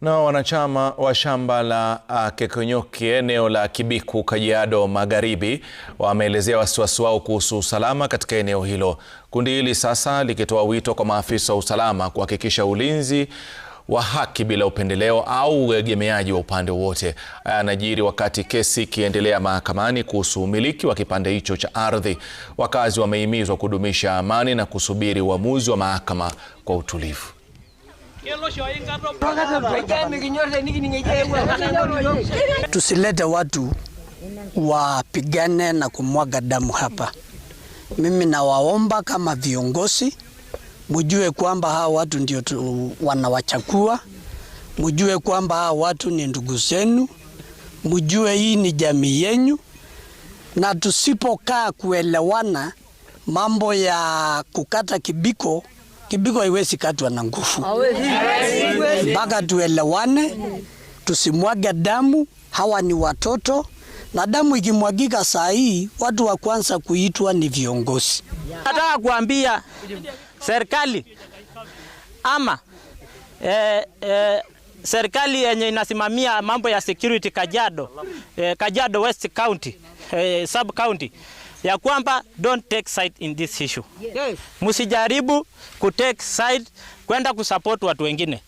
Na wanachama wa shamba la uh, Keekonyokie eneo la Kibiku, Kajiado Magharibi wameelezea wasiwasi wao kuhusu usalama katika eneo hilo. Kundi hili sasa likitoa wito kwa maafisa wa usalama kuhakikisha ulinzi wa haki bila upendeleo au uegemeaji wa upande wowote. Haya yanajiri wakati kesi ikiendelea mahakamani kuhusu umiliki wa kipande hicho cha ardhi. Wakazi wamehimizwa kudumisha amani na kusubiri uamuzi wa mahakama kwa utulivu. Tusilete watu wapigane na kumwaga damu hapa. Mimi nawaomba kama viongozi, mjue kwamba hawa watu ndio wanawachakua, mjue kwamba hawa watu ni ndugu zenu, mjue hii ni jamii yenyu, na tusipokaa kuelewana mambo ya kukata kibiko Kibigo haiwezi katwa na nguvu, mpaka tuelewane, tusimwage damu. Hawa ni watoto na damu ikimwagika saa hii, watu wa kwanza kuitwa ni viongozi. Nataka kuambia serikali ama eh, eh, serikali yenye inasimamia mambo ya security Kajado, eh, Kajado West County, eh, sub county ya kwamba don't take side in this issue. Yes. Msijaribu kutake side kwenda kusupport watu wengine.